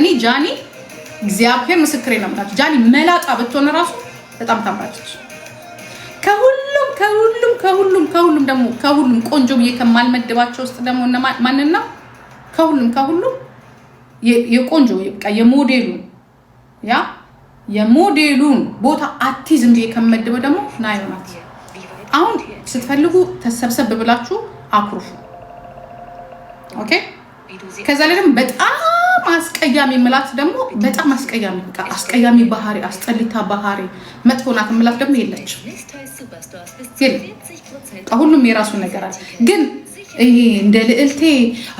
እኔ ጃኒ እግዚአብሔር ምስክሬ ነው የምላችሁ። ጃኒ መላጣ ብትሆን እራሱ በጣም ታምራለች። ከሁሉም ከሁሉም ከሁሉም ከሁሉም ደግሞ ከሁሉም ቆንጆ ብዬ ከማልመድባቸው ውስጥ ደግሞ ማንን ከሁሉም ከሁሉም የቆንጆ በቃ የሞዴሉን ያ የሞዴሉን ቦታ አቲዝም ብዬ ከምመድበው ደግሞ ናዮ ናት። አሁን ስትፈልጉ ተሰብሰብ ብላችሁ አኩርፉ። ኦኬ። ከዛ ላይ ደግሞ በጣም አስቀያሚ ምላት ደግሞ በጣም አስቀያሚ በቃ አስቀያሚ ባህሪ፣ አስጠሊታ ባህሪ፣ መጥፎ ናት ምላት ደግሞ የለች። ሁሉም የራሱ ነገር አለ። ግን ይሄ እንደ ልዕልቴ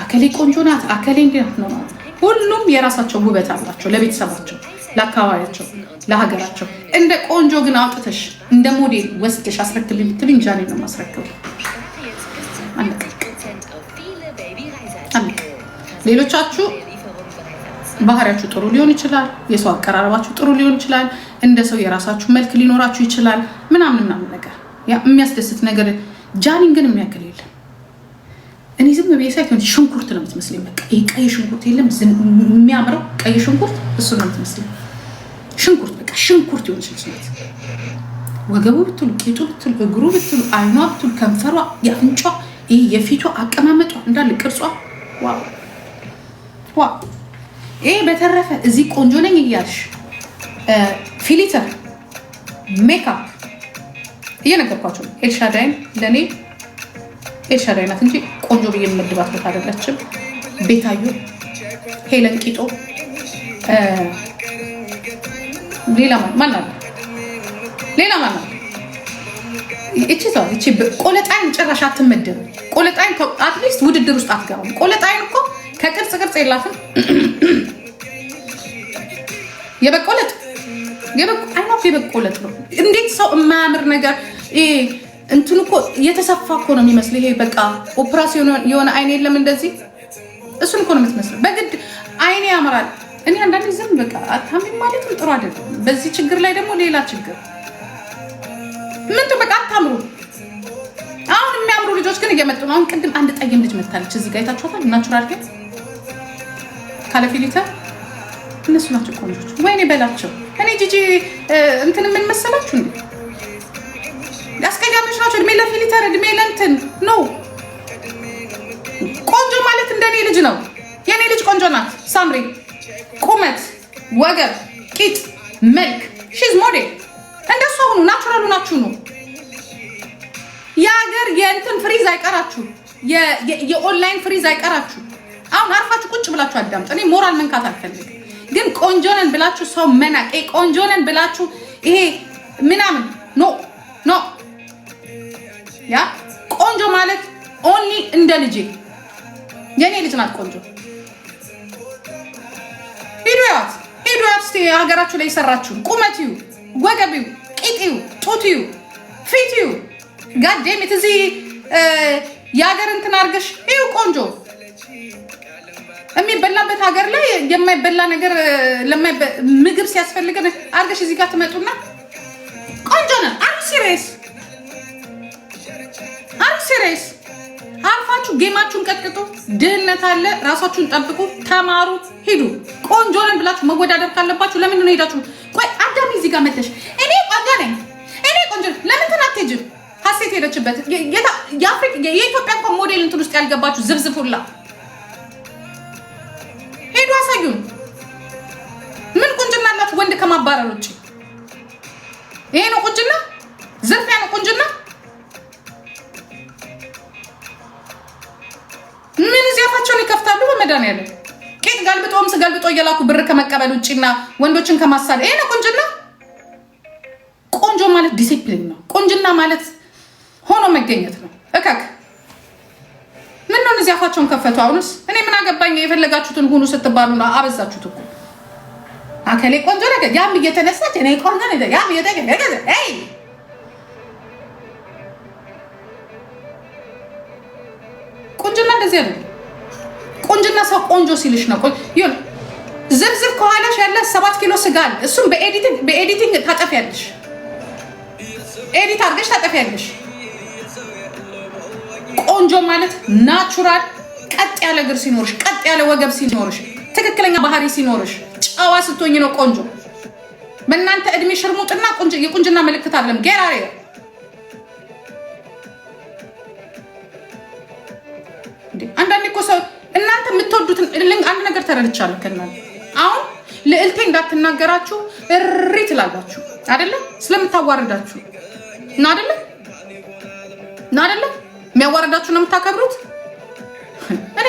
አከሌ ቆንጆ ናት፣ አከሌ እንዲናት ነው ማለት ሁሉም የራሳቸው ውበት አላቸው፣ ለቤተሰባቸው፣ ለአካባቢያቸው፣ ለሀገራቸው። እንደ ቆንጆ ግን አውጥተሽ እንደ ሞዴል ወስደሽ አስረክብ የምትል እንጃ ነው ማስረክብ ሌሎቻችሁ ባህሪያችሁ ጥሩ ሊሆን ይችላል። የሰው አቀራረባችሁ ጥሩ ሊሆን ይችላል። እንደ ሰው የራሳችሁ መልክ ሊኖራችሁ ይችላል። ምናምን ምናምን ነገር የሚያስደስት ነገር ጃኒን ግን የሚያክል የለም። እኔ ዝም ብዬ ሳይት ሽንኩርት ነው የምትመስለኝ። በቃ ቀይ ሽንኩርት የለም የሚያምረው ቀይ ሽንኩርት እሱ ነው የምትመስለኝ። ሽንኩርት በቃ ሽንኩርት የሆነች ችልችነት ወገቡ ብትሉ፣ ቂጡ ብትሉ፣ እግሩ ብትሉ፣ አይኗ ብትሉ፣ ከንፈሯ፣ የአፍንጫ ይህ የፊቷ አቀማመጧ እንዳለ ቅርጿ ዋ ዋ ይሄ በተረፈ እዚህ ቆንጆ ነኝ እያልሽ ፊሊተር፣ ሜካፕ እየነገርኳቸው ኤልሻዳይን ለእኔ ኤልሻዳይ ናት እንጂ ቆንጆ ብዬ የምመድባት ቦታ አይደለችም። ቤታዩ፣ ሄለን ቂጦ፣ ሌላ ማን አለ? ሌላ ማን አለ? እቺ ሰው እቺ ቆለጣይን ጭራሽ አትመደብም። ቆለጣይን አትሊስት ውድድር ውስጥ አትገባም። ቆለጣይን እኮ ከቅርጽ ቅርጽ የላትም የበቆለት አይኖ የበቆለት ነው። እንዴት ሰው የማያምር ነገር እንትን እኮ የተሰፋ እኮ ነው የሚመስለው። ይሄ በቃ ኦፕራሲዮን የሆነ አይን የለም እንደዚህ እሱን እኮ ነው የምትመስለው። በግድ አይኔ ያምራል። እኔ አንዳንዴ ዝም በቃ አታሚም ማለትም ጥሩ አይደለም። በዚህ ችግር ላይ ደግሞ ሌላ ችግር ምንቱ በቃ አታምሩ። አሁን የሚያምሩ ልጆች ግን እየመጡ ነው። አሁን ቅድም አንድ ጠይም ልጅ መታለች እዚህ ጋ የታችኋታል ናቹራል ካለፊ ሊተር እነሱ ናቸው ቆንጆች። ወይኔ በላቸው። እኔ ጂጂ እንትን ምን መሰላችሁ ነው አስቀያሚዎች ናቸው። እድሜ ለፊሊተር እድሜ ለእንትን ነው። ቆንጆ ማለት እንደኔ ልጅ ነው። የእኔ ልጅ ቆንጆ ናት። ሳምሪ ቁመት፣ ወገብ፣ ቂጥ፣ መልክ ሺዝ ሞዴል እንደሱ ሁኑ። ናቹራሉ ናችሁ ነው የሀገር የእንትን ፍሪዝ አይቀራችሁ፣ የኦንላይን ፍሪዝ አይቀራችሁ። አሁን አርፋችሁ ቁጭ ብላችሁ አዳምጥ። እኔ ሞራል መንካት አልፈልግ፣ ግን ቆንጆ ነን ብላችሁ ሰው መናቅ፣ ቆንጆ ነን ብላችሁ ይሄ ምናምን ኖ ኖ። ያ ቆንጆ ማለት ኦኒ እንደ ልጄ የኔ ልጅ ናት ቆንጆ። ሂዱ ያት ሂዱ ያት ስ ሀገራችሁ ላይ ሰራችሁ ቁመትዩ፣ ወገብዩ፣ ቂጥዩ፣ ጡትዩ፣ ፊትዩ ጋዴሚት እዚህ የሀገር እንትን አድርገሽ ይሁ ቆንጆ የሚበላበት ሀገር ላይ የማይበላ ነገር ምግብ ሲያስፈልገን አርገሽ እዚህ ጋር ትመጡና ቆንጆ ነን አር ሲሬስ አር ሲሬስ አርፋችሁ ጌማችሁን ቀጥቅጡ። ድህነት አለ፣ ራሳችሁን ጠብቁ፣ ተማሩ፣ ሂዱ። ቆንጆ ነን ብላችሁ መወዳደር ካለባችሁ ለምንድን ነው ሄዳችሁ? ቆይ አዳሚ እዚህ ጋር መተሽ እኔ ቆንጆ ነኝ እኔ ቆንጆ ለምን ትናቴጅም ሀሴት ሄደችበት የኢትዮጵያ እንኳን ሞዴል እንትን ውስጥ ያልገባችሁ ዝብዝፉላ ሁላ ወንድ ከማባረር ውጭ ይሄ ነው ቁንጅና? ዝርፊያ ነው ቁንጅና? ምን እዚህ ይከፍታሉ? በመድኃኒዓለም ቄጥ ገልብጦ ምስ ገልብጦ እየላኩ ብር ከመቀበል ውጭና ወንዶችን ከማሳደ ይሄ ነው ቁንጅና? ቆንጆ ማለት ዲሲፕሊን ነው። ቁንጅና ማለት ሆኖ መገኘት ነው። እከክ ምን ነው አፋቸውን ከፈቱ? አሁንስ እኔ ምን አገባኝ። የፈለጋችሁትን ሁኑ ስትባሉ አበዛችሁት እኮ አከሌ ቆንጆ ነገር ያም እየተነሳች እኔ ቆንጆ ነገር ያም እየተገለገለ አይ ቆንጆና እንደዚህ አይደለም። ቆንጆና ሰው ቆንጆ ሲልሽ ነው። ይሁን ዝርዝር ከኋላሽ ያለ ሰባት ኪሎ ስጋ አለ። እሱም በኤዲቲንግ በኤዲቲንግ ታጠፊያለሽ። ኤዲት አድርገሽ ታጠፊያለሽ። ቆንጆ ማለት ናቹራል ቀጥ ያለ እግር ሲኖርሽ፣ ቀጥ ያለ ወገብ ሲኖርሽ፣ ትክክለኛ ባህሪ ሲኖርሽ ጨዋ ስትሆኝ ነው ቆንጆ። በእናንተ እድሜ ሽርሙጥና የቁንጅና ምልክት አለም ጌራሬ አንዳንድ እኮ ሰው እናንተ የምትወዱትን አንድ ነገር ተረድቻለሁ። ከእናንተ አሁን ልዕልቴ እንዳትናገራችሁ እሪ ትላላችሁ አይደለም? ስለምታዋርዳችሁ እና አይደለም እና አይደለም የሚያዋርዳችሁ ነው የምታከብሩት።